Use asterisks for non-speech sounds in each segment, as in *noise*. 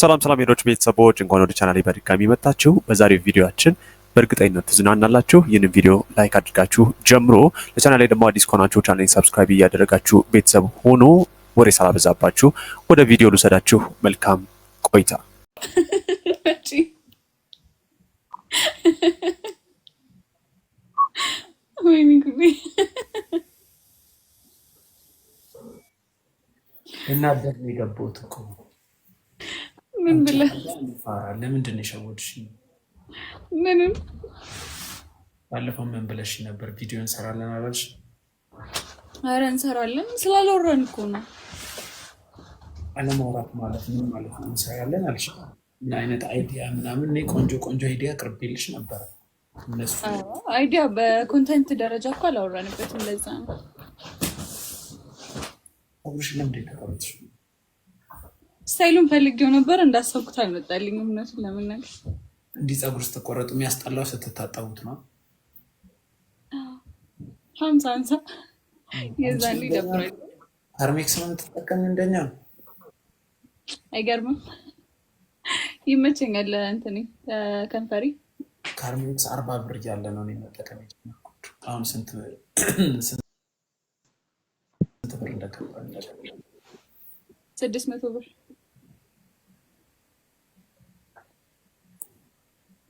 ሰላም ሰላም ሄዶች ቤተሰቦች እንኳን ወደ ቻናሌ በድጋሚ መጣችሁ። በዛሬው ቪዲዮአችን በእርግጠኝነት ትዝናናላችሁ። ይህንን ቪዲዮ ላይክ አድርጋችሁ ጀምሮ ለቻናሌ ደግሞ አዲስ ከሆናችሁ ቻናሌን ሰብስክራይብ እያደረጋችሁ ቤተሰብ ሆኖ ወሬ ሳላበዛባችሁ ወደ ቪዲዮ ልውሰዳችሁ። መልካም ቆይታ። እናደር የገባት እኮ ምን ብለህ ለምንድን ነው የሸወድሽኝ? ምንም ባለፈው ምን ብለሽ ነበር? ቪዲዮ እንሰራለን አላልሽ? አረ እንሰራለን ስላልወረን እኮ ነው። አለማውራት ማለት ምን ማለት ነው? እንሰራለን አልሽ። ምን አይነት አይዲያ ምናምን? እኔ ቆንጆ ቆንጆ አይዲያ ቅርቤልሽ ነበረ። እነሱ አይዲያ በኮንተንት ደረጃ እኮ አላወራንበትም። ለዛ ነው አብርሽ ለምንድ ተቀበትሽ ስታይሉን ፈልጌው ነበር እንዳሰብኩት አልመጣልኝ። እምነቱን ለምናል እንዲህ ፀጉር ስትቆረጡ የሚያስጠላው ስትታጠቡት ነው። ሀምሳ ሀምሳ የዛኔ ይደብራል። ፐርሜክስ ነው የምትጠቀም እንደኛ አይገርምም። ይመቸኛል። እንትኔ ከንፈሪ ከርሜክስ አርባ ብር እያለ ነው መጠቀም አሁን ስንት ብር *clears throat* እንደገባ ስድስት መቶ ብር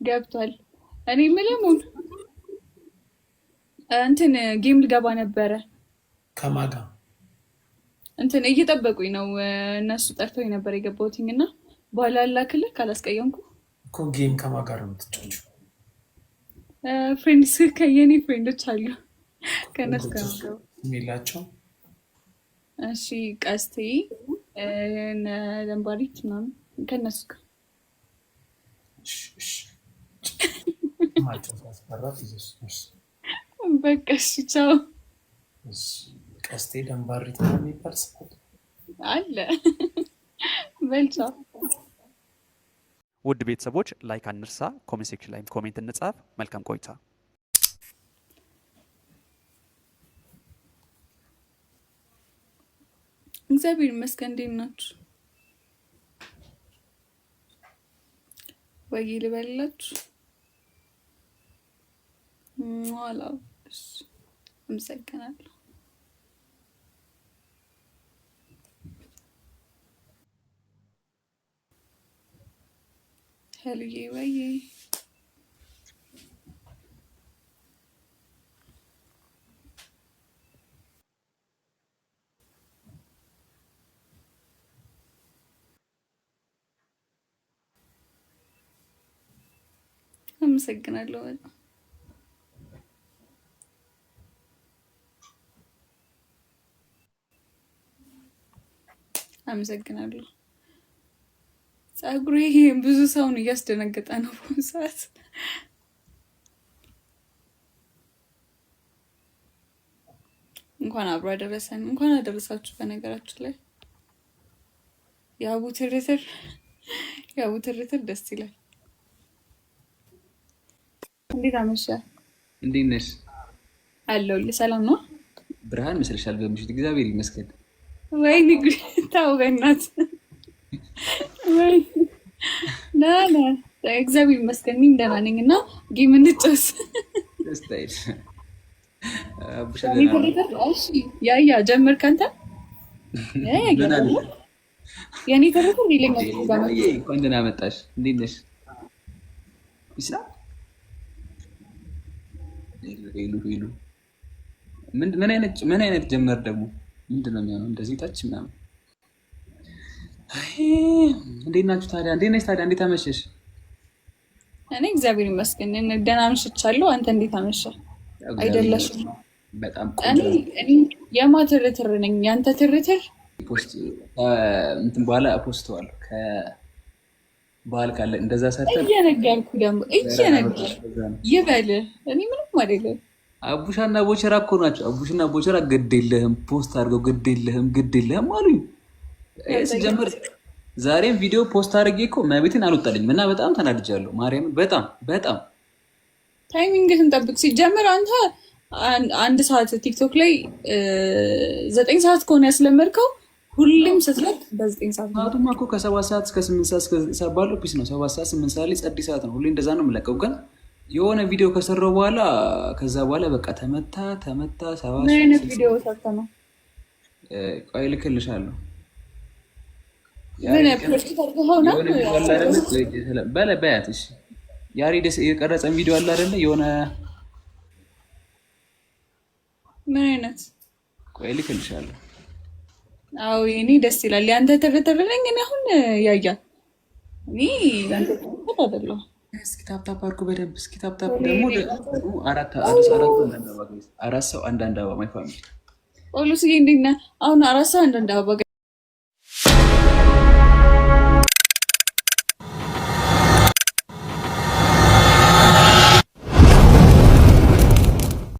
ገብቷል። እኔ ምልሙን እንትን ጌም ልገባ ነበረ ከማን ጋር እንትን እየጠበቁኝ ነው እነሱ ጠርተው ነበር የገባትኝ እና በኋላ ላክልህ ካላስቀየምኩ እኮ ጌም ከማን ጋር ነው የምትጫወችው? ፍሬንድስ ከየኔ ፍሬንዶች አሉ ከእነሱ ጋር እሺ ቀስቴ ለምባሪት ምናምን ከእነሱ ጋር በቃ እሺ፣ ቻው። ቀስቴ ደንባሪት የሚባል ሰው አለ። በል ቻው። ውድ ቤተሰቦች ላይክ አንርሳ፣ ኮሜንት ሴክሽን ላይ ኮሜንት እንጻፍ። መልካም ቆይታ። እግዚአብሔር ይመስገን። እንዴት ናችሁ? ወይ ልበላችሁ ላብስ አመሰግናለሁ። ሄሉዬ ወይ አመሰግናለሁ በጣም አመሰግናለሁ። ጸጉሬ ብዙ ሰውን እያስደነገጠ ነው በአሁኑ ሰዓት። እንኳን አብሮ አደረሰን፣ እንኳን አደረሳችሁ። በነገራችሁ ላይ የአቡ ትርትር የአቡ ትርትር ደስ ይላል። እንዴት አመሻ? እንዴት ነሽ? አለሁልህ። ሰላም ነው። ብርሃን መስለሻል በምሽት። እግዚአብሔር ይመስገን። ወይ ንግድ ተው፣ በእናትህ ወይ ና ና። እግዚአብሔር ይመስገን ደህና ነኝ። እና ጌም እንጫወት። ያ ጀምር ከአንተ የእኔ ተረት ሌለኛ ደህና መጣሽ። እንዴት ነሽ? ምን አይነት ጀመር ደግሞ ምንድን ነው የሚሆነው? እንደዚህ ታች ምናምን። እንዴት ናችሁ ታዲያ? እንዴት ነሽ ታዲያ? እንዴት አመሸሽ? እኔ እግዚአብሔር ይመስገን ደህና አምሽቻለሁ። አንተ እንዴት አመሸ? አይደለሽም? በጣም የማን ትርትር ነኝ? ያንተ ትርትር እንትን በኋላ ፖስተዋለሁ በዓል ካለ እንደዛ ሰርተ እየነገርኩ ደግሞ እየነገርኩህ ይበል እኔ ምንም አይደለም። አቡሻና ቦቸራ እኮ ናቸው። አቡሽና ቦቸራ ግድ የለህም ፖስት አድርገው ግድ የለህም ግድ የለህም አሉኝ። ስጀምር ዛሬም ቪዲዮ ፖስት አድርጌ እኮ መቤትን አልወጣልኝም እና በጣም ተናድጃለሁ። ማርያም በጣም በጣም ታይሚንግህን ጠብቅ። ሲጀምር አንተ አንድ ሰዓት ቲክቶክ ላይ ዘጠኝ ሰዓት ከሆነ ያስለመድከው ሁሌም ስትለቅ በዘጠኝ ሰዓት ሰዓቱማ እኮ ከሰባት ሰዓት እስከ ስምንት ሰዓት ባለው ፒስ ነው። ሰባት ሰዓት ስምንት ሰዓት ላይ ጸዲ ሰዓት ነው። ሁሌ እንደዛ ነው የምለቀው ግን የሆነ ቪዲዮ ከሰራው በኋላ ከዛ በኋላ በቃ ተመታ ተመታ። ምን አይነት ቪዲዮ ሰርተ በያት እሺ። ያሬድ የቀረጸን ቪዲዮ አለ አይደለ? የሆነ ምን አይነት ቆይ ልክልሻለሁ። አዎ እኔ ደስ ይላል። ያንተ ተበተበለኝ። እኔ አሁን ያያል እኔ ያንተ ተበተበለኝ እስኪ ታብታብ አድርጉ በደንብ። እስኪ ታብታብ ደግሞ አራት ሰው አንዳንድ አበባ ማይፋሚ ፋሚሊ ሁሉ እንዴት ነህ? አሁን አራት ሰው አንዳንድ አበባ